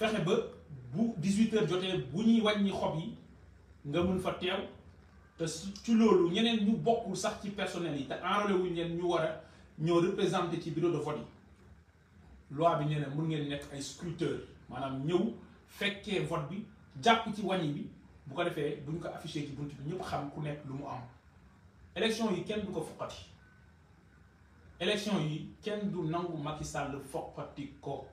fexe ba bu 18h jotee bu ñuy wàññi xob yi nga mun fa teew te ci loolu ñeneen ñu bokkul sax ci personnel yi te enrôlé wuñ leen ñu war a ñoo représenté ci bureau de vote yi loi bi nee mun ngeen nekk ay scruteur maanaam ñëw fekkee vote bi jàpp ci wàññi bi bu ko defee buñ ko affiché ci bunt bi ñëpp xam ku nekk lu mu am élection yi kenn du ko foqati élection yi kenn du nangu Macky Sall foqati ko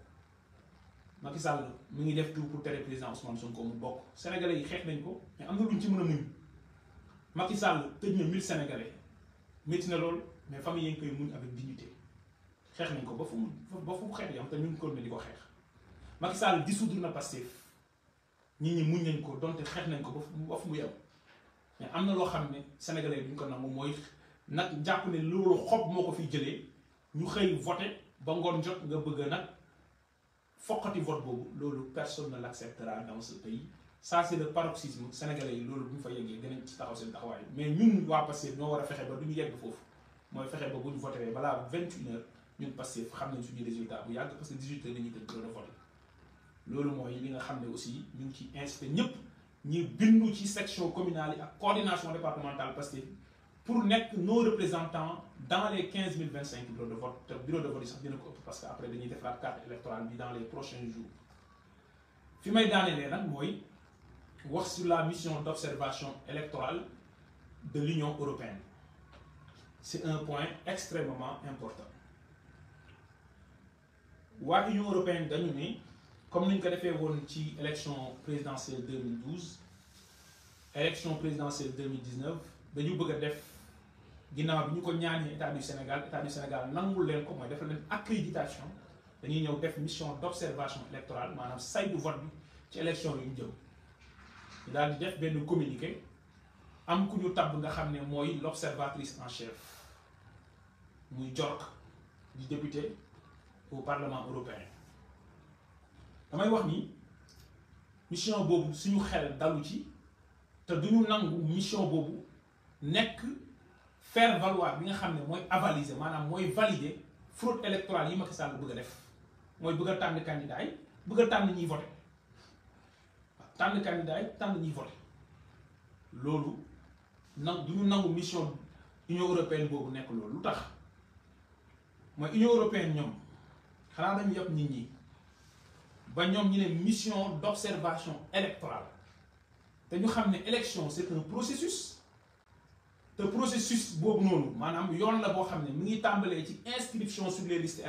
Macky Sall mi ngi def tout pour tere président Ousmane Sonko mu bokk sénégalais yi xeex nañ ko mais am na duñ ci mën a muñ Macky Sall tëj na mille sénégalais métti na loolu mais famille yi ngi koy muñ avec dignité xeex ko ba fu mu ba fu xeex yam ñu ngi ko ne di ko xeex Sall dissoudre na Pastef nit ñi muñ nañ ko donte xeex nañ ko ba fu mu ba fu mu yem mais am na loo xam ne sénégalais duñ ko moom mooy nag jàpp ne loolu xob moo ko fi jëlee ñu xëy voté ba ngoon jot nga bëgg nag. foqati vote boobu loolu personne ne l'acceptera dans ce pays ça c'est le paroxysme sénégalais yi loolu bu ñu fa yeggee gën a ci taxaw seen taxawaay mais ñun waa Pastef ñoo war a fexe ba du ñu yegg foofu mooy fexe ba bu ñu voté balaa vingt une ñun Pastef xam nañ suñu résultat bu yàgg parce que dix-huit heures dañuy tëdd loolu voté loolu mooy li nga xam ne aussi ñu ngi ciy incité ñëpp ñu bindu ci section communale yi ak coordination départementale Pastef pour nekk nos représentants dans les quinze mille vingt cinq bureaux de vote te bureau de vote yi sax dina ko ëpp parce que après dañuy defaraat carte électorale bi dans les prochains jours fi may daanelee nag mooy wax sur la mission d' observation électorale de l'Union européenne c' est un point extrêmement important waa Union européenne dañu ni comme ni ñu ko defee woon ci élection présidentielle 2012 élection présidentielle 2019 dañu bëgg def ginnaaw bi ñu ko ñaanee état du Sénégal état du Sénégal nangul leen ko mooy def leen accréditation dañuy ñëw def mission d' observation électorale maanaam saytu vote bi ci élection yu ñu jëm daal di def benn communiqué am ku ñu tabb nga xam ne mooy l' observatrice en chef muy jork du député au parlement européen damay wax ni mission boobu suñu xel dalu ci te duñu nangu mission boobu nekk. faire valoir bi nga xam ne mooy avaliser maanaam mooy valider fraude électorale yi ma Macky Sall bëgg a def mooy bëgg a tànn candidat yi bëgg a tànn ñiy voté waaw tànn candidat tànn ñiy voté loolu nag du ñu nangu mission Union européenne boobu nekk loolu lu tax mooy Union européenne ñoom xanaa dañu yëpp nit ñi ba ñoom ñu ne mission d' observation électorale te xam ne élection c' est un processus. te processus boobu noonu maanaam yoon la boo xam ne mi ngi tàmbalee ci inscription sur les listes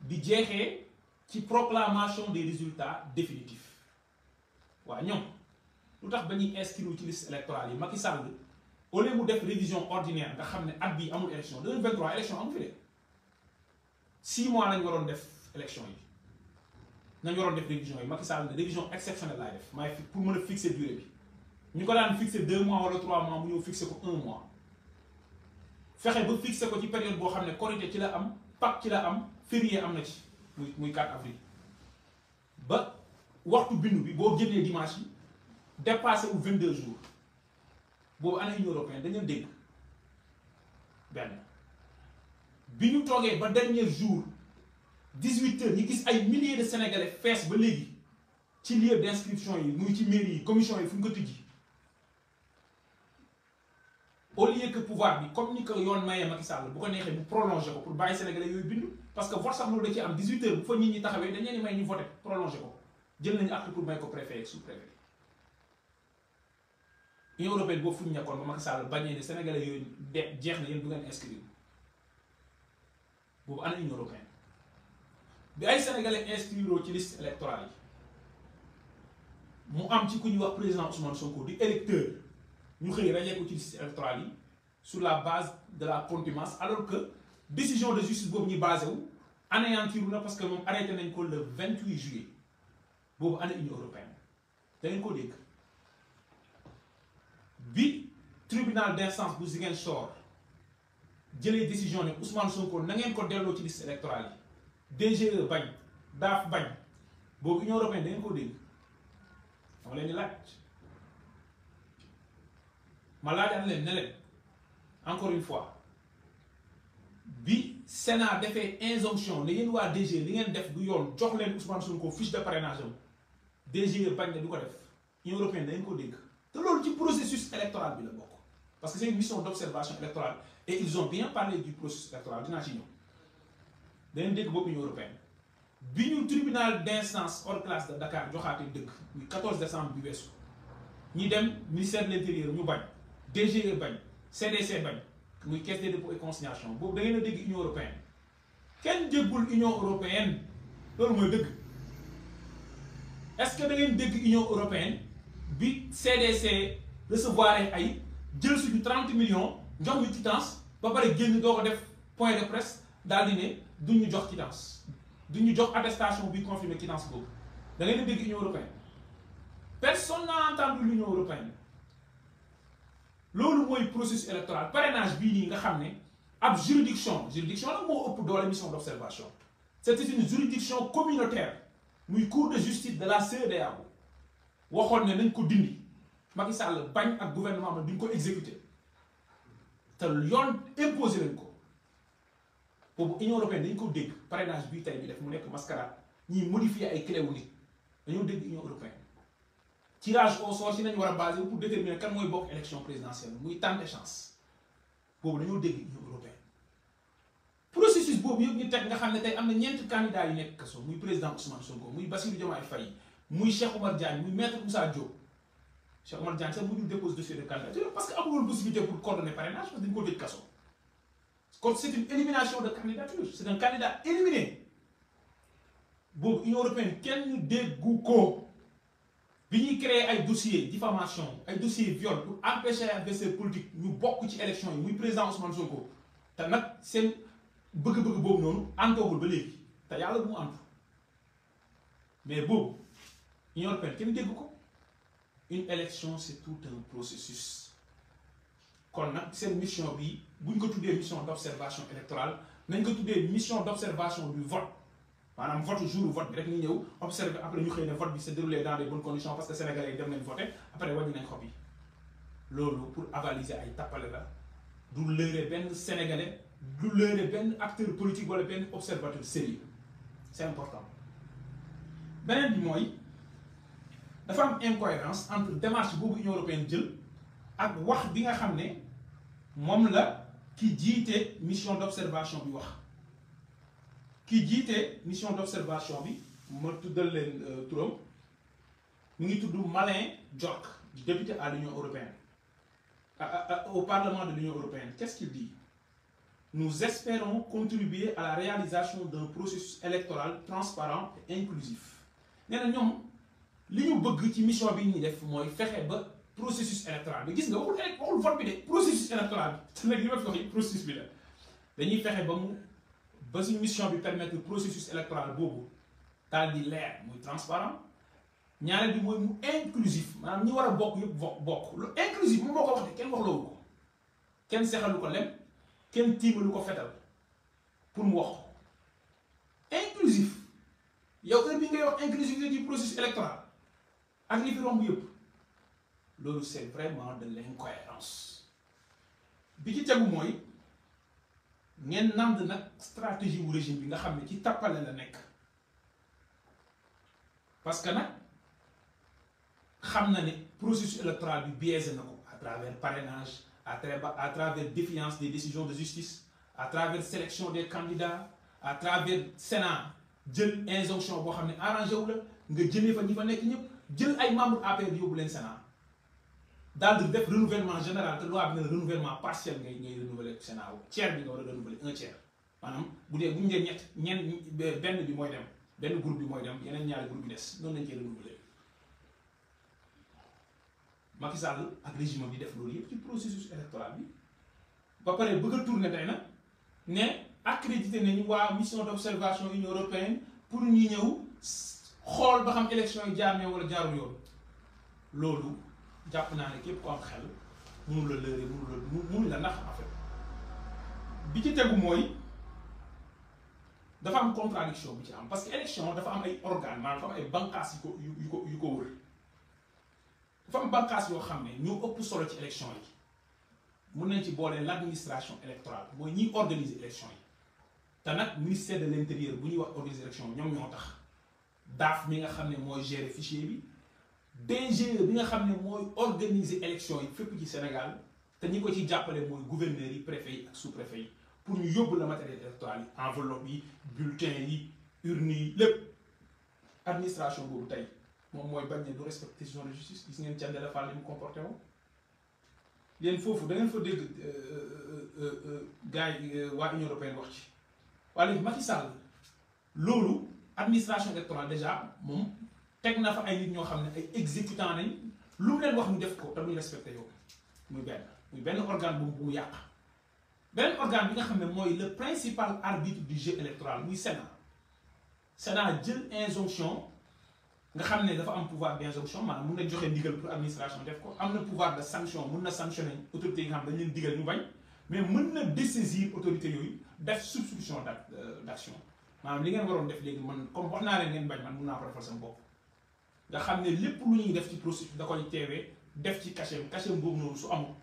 di jeexee ci proclamation des résultats définitifs waa ñoom lu tax ba ñuy inscrire ci liste électorale yi Macky Sall au lieu mu def révision ordinaire nga xam ne at bii amul élection 2023 élection amu fi de six mois lañu waroon def élection yi nañu waroon def révision yi Macky Sall ne révision exceptionnelle laay def maay pour mën a fixer ñu ko daan fixé deux mois wala trois mois mu ñëw fixé ko un mois fexe ba fixé ko ci période boo xam ne korité ci la am Pâques ci la am férié am na ci muy muy 4 avril ba waxtu bindu bi boo génnee dimanche yi dépassé wu 22 jours boobu ana union européenne dégg benn bi ñu toogee ba dernier jour 18 heures ñu gis ay milliers de sénégalais fees ba léegi ci lieu d'inscription yi muy ci mairie yi commission yi fu ñu ko tijji. au lieu que pouvoir bi comme ni ko yoon mayee Macky Sall bu ko neexee mu prolongé ko pour bàyyi sénégalais yooyu bindu parce que vote sax loolu da ci am 18 heures bu fa nit ñi taxawee dañ leen di may ñu voté prolongé ko jël nañu acte pour may ko préfet sous-préfet union européenne boobu fu nekkoon ba Macky Sall bañee ne sénégalais jeex na yéen du ngeen inscrire boobu ana union européenne bi ay sénégalais inscrire ci liste électorale yi mu am ci ku ñuy wax président Ousmane Sonko di électeur. ñu xëy rajee ko ci liste électorale yi sur la base de la contumace alors que décision de justice boobu ñu basé wu anéantiru na parce que moom arrêté nañ ko le 28 juillet boobu année union européenne da ngeen ko dégg bi tribunal d'instance bu Ziguinchor jëlee décision ne Ousmane Sonko na ngeen ko delloo ci liste électorale yi DGE bañ DAF bañ boobu union européenne da ngeen ko dégg dama leen di laaj. ma laajaat leen ne leen encore une fois bi Sénat defee injonction ne yéen waa DG li ngeen def du yoon jox leen Ousmane Sonko fiche de parrainage am DG bañ na du ko def Union européenne dañ ko dégg te loolu ci processus électoral bi la bokk parce que c'est une mission d'observation électorale et ils ont bien parlé du processus électoral dinaa ci ñëw dañ dégg boobu Union européenne bi ñu tribunal d'instance hors classe de Dakar joxaate dëkk muy 14 décembre dem ministère de l'intérieur ñu bañ. DGE bañ CDC bañ muy caisse des dépôts et consignation boobu da ngeen a dégg union européenne kenn déggul union européenne loolu mooy dëgg est-ce que da ngeen dégg union européenne bi c recevoir ay jël suñu 30 millions jox ñu quittance ba pare génn doo ko def point de presse daal di ne ñu jox quittance du ñu jox attestation bi confirmé quittance boobu da dégg union européenne personne n'a entendu l'union européenne loolu mooy processus électoral parrainage bii nii nga xam ne ab juridiction juridiction la moo ëpp doole mission d'observation c'était une juridiction communautaire muy cour de justice de la CEDEAO waxoon ne nañ ko dindi Macky Sall bañ ak gouvernement ma duñ ko exécuter te yoon imposé lañ ko boobu Union européenne dañ ko dégg parrainage bii tey ñu def mu nekk mascarade ñuy modifier ay clé wu nit dañoo dégg Union européenne tirage au sort si nañu war a basé pour déterminer kan mooy bokk élection présidentielle muy tenter chance boobu dañoo dégg union européenne processus boobu yëpp teg nga xam ne tey am na ñeenti candidats yu nekk kaso muy président Ousmane Sonko muy Bassirou Diomaye Faye muy Cheikh Omar Diagne muy maître Moussa Diop Cheikh Omar Diagne sax mu ñu dépose dossier de candidature parce que amul woon possibilité pour coordonner parrainage parce que dañu ko dégg kaso kon c' est une élimination de candidature c' est un candidat éliminé boobu union ko. bi ñuy créer ay dossier diffamation ay dossier viol pour empêcher adversaire politique ñu bokk ci élection yi muy président Ousmane ko te nag seen bëgg-bëgg boobu noonu antoogul ba léegi te yàlla bu mu antu mais boobu Union européenne kenn dégg ko une élection c'est tout un processus kon nag seen mission bi buñ ko tuddee mission d'observation électorale nañ ko tuddee mission d'observation du vote maanaam vote jour vote bi rek ñu ñëw observé après ñu xëy ne vote bi s'est déroulé dans des bonnes conditions parce que sénégalais yi dem nañ voté après wàññi nañ xob yi loolu pour avaliser ay tappale la du lëre benn sénégalais du lëre benn acteur politique wala benn observateur sérieux c'est important beneen bi mooy dafa am incohérence entre démarche boobu Union européenne jël ak wax bi nga xam ne moom la ki jiite mission d'observation bi wax kii jiite mission d'observation bi ma tuddal leen euh, turam mu ngi tudd Malin Diorque député à l'Union européenne au Parlement de l'Union européenne qu'est-ce qu'il dit nous espérons contribuer à la réalisation d'un processus électoral transparent et inclusif nee ñoom li ñu bëgg ci mission bi ñu def mooy fexe ba processus électoral bi gis nga waxul waxul vote bi de processus électoral bi te nag li ma fi wax processus bi la dañuy fexe ba mu ba suñ mission bi permettre processus électoral boobu daal di leer muy transparent ñaareel bi mooy mu inclusif maanaam ñi war a bokk yëpp bokk bokk lu inclusif moom moo ko wax de kenn wax loowu ko kenn sexalu ko lem kenn tiimalu ko fetal pour mu wax inclusif yow heure bi ngay wax inclusivité du processus électoral ak li fi romb yëpp loolu c'est vraiment de l'incohérence bi ci tegu mooy ngeen nand nag stratégie wu régime bi nga xam ne ci tappale la nekk parce que nag xam na ne processus électoral bi biaisé na ko à travers parrainage à travers à travers défiance des décisions de justice à travers sélection des candidats à travers Sénat jël injonction boo xam ne arrangé wu la nga jëlee fa ñi fa nekk ñëpp jël ay membres APR yóbbu leen Sénat daal di def renouvellement général te loi bi ne renouvellement partiel ngay ngay renouveler Sénat bi nga war a renouveler un tiers maanaam bu dee bu ñu dee ñett ñen benn bi mooy dem benn groupe bi mooy dem yeneen ñaari groupe bi des noonu lañ koy renouveler bi def loolu processus électoral bi ba pare bëgg a tourner tey nag ne accrédité nañu waa mission d' observation union européenne pour ñu ñëw xool ba xam élection yi jaar na wala jaarul yoon loolu. jàpp naa ne képp ko am xel mënu la lëre mënu la mënu la nax en fait bi ci tegu mooy dafa am contradiction bi ci am parce que élection dafa am ay organe maanaam dafa ay banqaas yu ko yu ko yu ko wër dafa am banqaas yoo xam ne ñoo ëpp solo ci élection yi mun nañ ci boole l' administration électorale mooy ñiy organiser élection yi te nag ministère de l' intérieur bu ñuy wax organiser élection ñoom ñoo tax daaf mi nga xam ne mooy gérer fichier bi DGE bi nga xam ne mooy organiser élection yi fépp ci Sénégal te ñi ko ci jàppale mooy gouverneurs yi préfet yi ak sous-préfet yi pour ñu yóbbu la matériel électoral yi enveloppe yi bulletin yi urne yi lépp administration boobu tey moom mooy bañ ne du respecter décision de justice gis ngeen Thiendella la Fall li mu comporté woon foofu da ngeen fa dégg euh, euh, euh, gars yi waa Union européenne wax ci waaye Macky Sall loolu administration électorale déjà moom teg na fa ay nit ñoo xam ne ay exécutant nañ lu mu leen wax mu def ko te muy respecté yow muy benn muy benn organe boobu bu yàq benn organe bi nga xam ne mooy le principal arbitre du jeu électoral muy Sénat Sénat jël injonction nga xam ne dafa am pouvoir d' injonction maanaam mun na joxe ndigal pour administration def ko am na pouvoir de sanction mun na sanctionné autorités yi nga xam ne dañ leen digal ñu bañ mais mën yooyu def substitution d' euh, action maanaam li ngeen waroon def léegi mun naa ko defal sama bopp. nga xam ne lépp lu ñuy def ci processus da koy teewee def ci cachet cachet boobu noonu su amul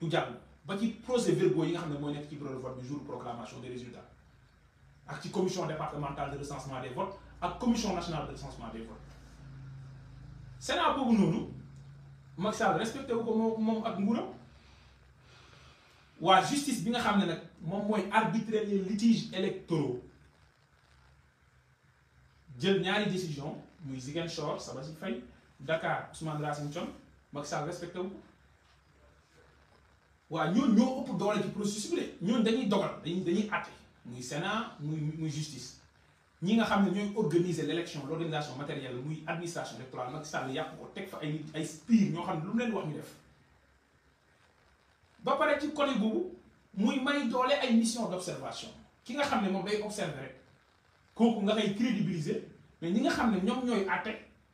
du jàll ba ci procès verbaux yi nga xam ne mooy nekk ci bureau de vote jour proclamation des résultats ak ci commission départementale de recensement des votes ak commission nationale de recensement des votes Sénat boobu noonu Macky Sall respecté ko moom moom ak nguuram waa justice bi nga xam ne nag moom mooy arbitrer les litiges électoraux jël ñaari décision muy Ziguinchor Sabassi Faye Dakar Ousmane Racine Thion Macky Sall respecté wu ko waa ñooñu ñoo ëpp doole ci processus bi de ñooñu dañuy dogal dañuy dañuy àtte muy Sénat muy muy justice ñi nga xam ne ñooy organiser l' élection l' organisation matérielle muy administration électorale Macky Sall yàq ko teg fa ay nit ay spire ñoo xam ne lu mu leen wax ñu def ba pare ci côté boobu muy may doole ay mission d' observation ki nga xam ne moom day observer rek kooku nga koy crédibiliser. mais ñi nga xam ne ñoom ñooy àtte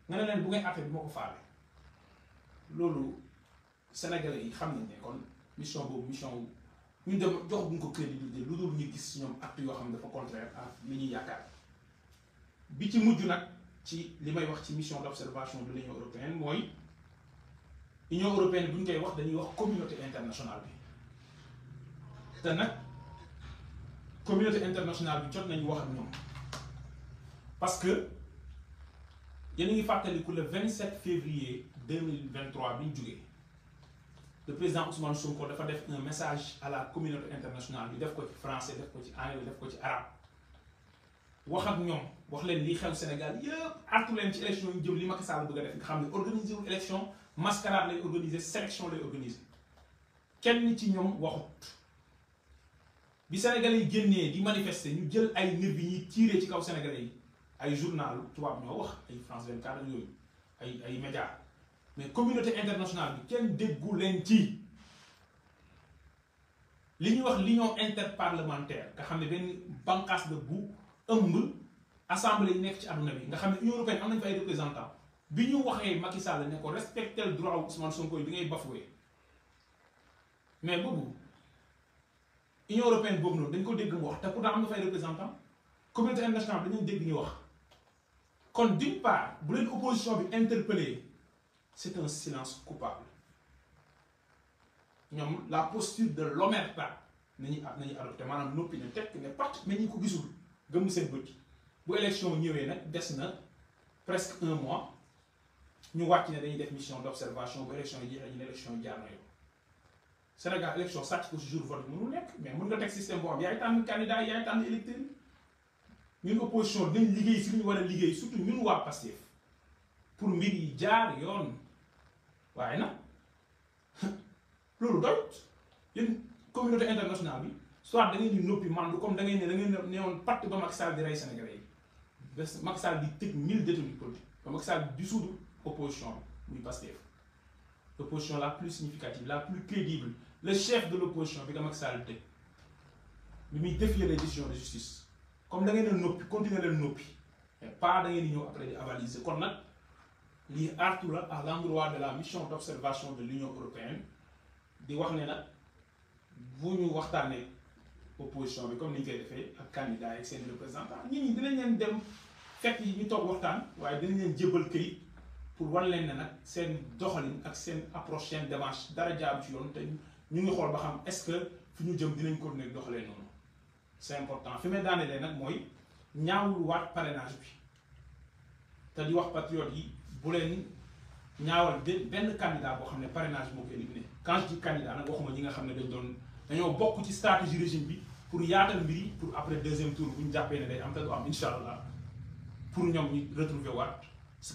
nga ne leen bu ngay àtte bi moo ko faale loolu sénégalais yi xam nañ ne kon mission boobu mission ñu dem jox buñ ko crédibilité lu dul ñu gis ñoom acte yoo xam ne dafa contraire ak li bi ci mujj nag ci li may wax ci mission d'observation de l'Union européenne mooy Union européenne bu ñu koy wax dañuy wax communauté internationale bi te nag communauté internationale bi jot nañu wax ak ñoom parce yéen a ngi fàttaliku le 27 février 2023 bi ñu jugee le président Ousmane Sonko dafa def un message à la communauté internationale bi def ko ci français def ko ci anglais def ko ci arabe wax ak ñoom wax leen li xew Sénégal yëpp artu leen ci élection yu jëm li ma Sall bëgg a def nga xam ne organiser wu élection mascarade lay organiser sélection lay organiser kenn ci ñoom waxut bi sénégal yi génnee di manifester ñu jël ay nit bi ñuy tiiree ci kaw Sénégalais ay journal tubaab ñoo wax ay France 24 ak yooyu ay ay média mais communauté internationale bi kenn déggu leen ci li ñuy wax l'union interparlementaire nga xam ne benn bànqaas la bu ëmb assemblée yi nekk ci àdduna bi nga xam ne union européenne am nañu fa ay représentant bi ñu waxee Macky Sall ne ko respectel droit wu Ousmane Sonko bi ngay bafoué mais boobu union européenne boobu noonu dañ ko dégg mu wax te pourtant am na fay représentant communauté internationale dañu dégg ñu wax kon d'une part bu leen opposition bi interpellé c'est un silence coupable ñoom la posture de l'omerta nañu nañu adopté maanaam noppi ne tekk ne pat mais ñu ko gisul gëmm seen bët bu élection ñëwee nag des na presque un mois ñu wàcc ne dañuy def mission d'observation bu élection yi jeexee ñu ne élection jaar na yow Sénégal élection sàcc ko si jour vote mënul nekk mais mën nga teg système boo xam yaay tànn candidat yaay tànn électeur ñun opposition dinañ liggéey si muy war a liggéey surtout ñun waa Pastef pour mbir yi jaar yoon waaye na loolu doyut yéen communauté internationale bi soit da ngeen di noppi mandu comme da ngeen ne da ngeen ne woon parti ba Macky Sall di rey Sénégalais yi ba Macky Sall di tëj mille détenus politiques ba Macky Sall di dissoudre opposition bi muy Pastef l'opposition la plus significative la plus crédible le chef de l'opposition bi da Macky Sall tëj bi muy défier les décisions de justice comme da ngeen noppi continuer leen noppi mais pas da ngeen di ñëw après di avaliser kon nag lii artu la à l'endroit de la mission d'observation de l'Union européenne di wax ne nag bu ñu waxtaanee opposition bi comme ni ñu koy defee ak candidat yeeg seen représentant nit ñi dinañ leen dem fekk yi ñu toog waxtaan waaye dinañ leen jébal këyit pour wan leen ne nag seen doxalin ak seen approche seen démarche dara jaabu ci yoon te ñu ngi xool ba xam est-ce que fi ñu jëm dinañ ko nekk doxalee c'est important fi may daanelee nag mooy ñaawul waat parrainage bi te di wax patriote yi bu leen ñaawal benn candidat boo xam ne parrainage moo ko éliminé quand je dis nag waxuma ñi nga xam ne dañ doon dañoo bokk ci stratégie régime bi pour yaatal mbir yi pour après deuxième tour bu ñu jàppee ne day am te du am insha allah pour ñëw ñu retrouver waat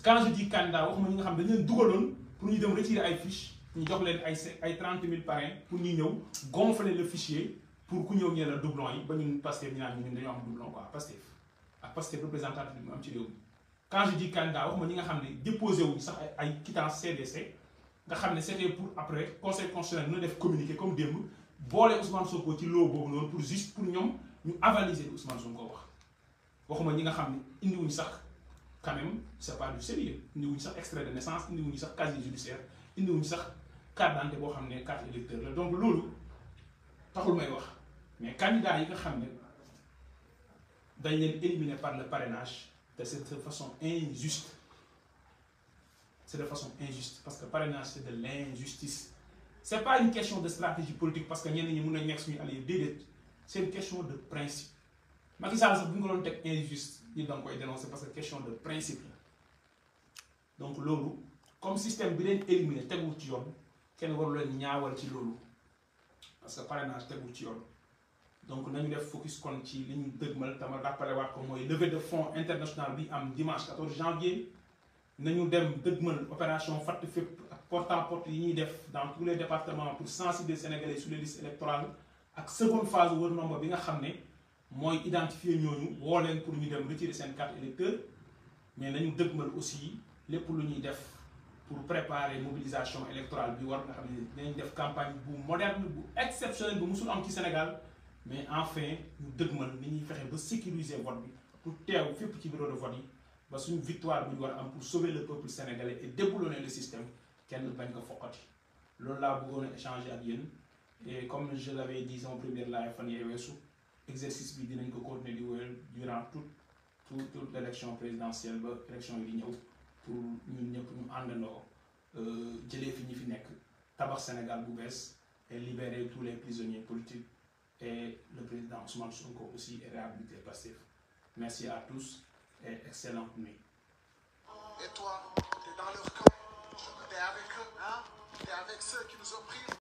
quand je dis candidat waxuma ñi nga xam ne dañ dugal dugaloon pour ñu dem retirer ay fiche ñu jox leen ay ay trente mille parrain pour ñu ñëw gonfler le fichier pour ku ñëw ñu la doublon yi ba ñun Pastef ñu naan ñun dañoo am doublon quoi Pastef ak Pastef représentatif bi mu am ci réew mi quand je dis ñi nga xam ne déposé wuñ sax ay quittance CDC nga xam ne c'était pour après conseil constitutionnel dina def communiqué comme démb boole Ousmane Sonko ci loo boobu noonu pour juste pour ñoom ñu avaliser li Ousmane Sonko wax waxuma ñi nga xam ne indiwuñ sax quand même c'est pas du sérieux indiwuñ sax extrait de naissance indiwuñ sax casier judiciaire indiwuñ sax carte boo xam ne carte électeur la donc loolu taxul mais candidat yi nga xam ne dañ leen éliminer par le parrainage de c'est de façon injuste c'est de façon injuste parce que parrainage c'est de l'injustice c'est pas une question de stratégie politique parce que ñenn ñi mun nañ nekk suñu allié déedéet c'est une question de principe Macky Sall sax bu ñu ko doon teg injuste ñu doon koy dénoncer parce que question de principe la donc loolu comme système bi leen éliminer tegul ci yoon kenn waru leen ñaawal ci loolu parce que parrainage tegul ci yoon donc nañu def focus kon ci li ñu dëgmal tama rappelé waat ko mooy levée de fonds international bi am dimanche 14 janvier nañu dem dëgmal opération fatt fépp ak porte à porte yi ñuy def dans tous les départements pour sensibiliser sénégalais sur les listes électorales ak seconde phase wër nombre bi nga xam ne mooy identifier ñooñu woo pour pour ñu dem retirer seen carte électeur mais nañu dëgmal aussi lépp lu ñuy def pour préparer mobilisation électorale bi war nga xam ne def campagne bu moderne bu exceptionnelle bu musul am ci Sénégal mais enfin ñu dëgmal ni ñuy fexe ba sécuriser vote bi pour teew fépp ci bureau de vote yi ba suñu victoire bu ñu war a am pour sauver le peuple sénégalais et déboulonner le système kenn bañ ko foqati loolu laa bëggoon a échanger ak yéen et comme je l'avais dit en première live fan yee weesu exercice bi dinañ ko continuer di wéyal durant toute toute toute l'élection présidentielle ba élection yi ñëw pour ñu ñëpp ñu àndandoo euh, jëlee fi ñu fi nekk tabax Sénégal bu bees et libérer tous les prisonniers politiques et le président Ousmane Sonko aussi est réhabilité passif. Merci à tous et excellente nuit. Et toi, tu es dans leur camp, tu es avec eux, hein? tu es avec ceux qui nous oppriment.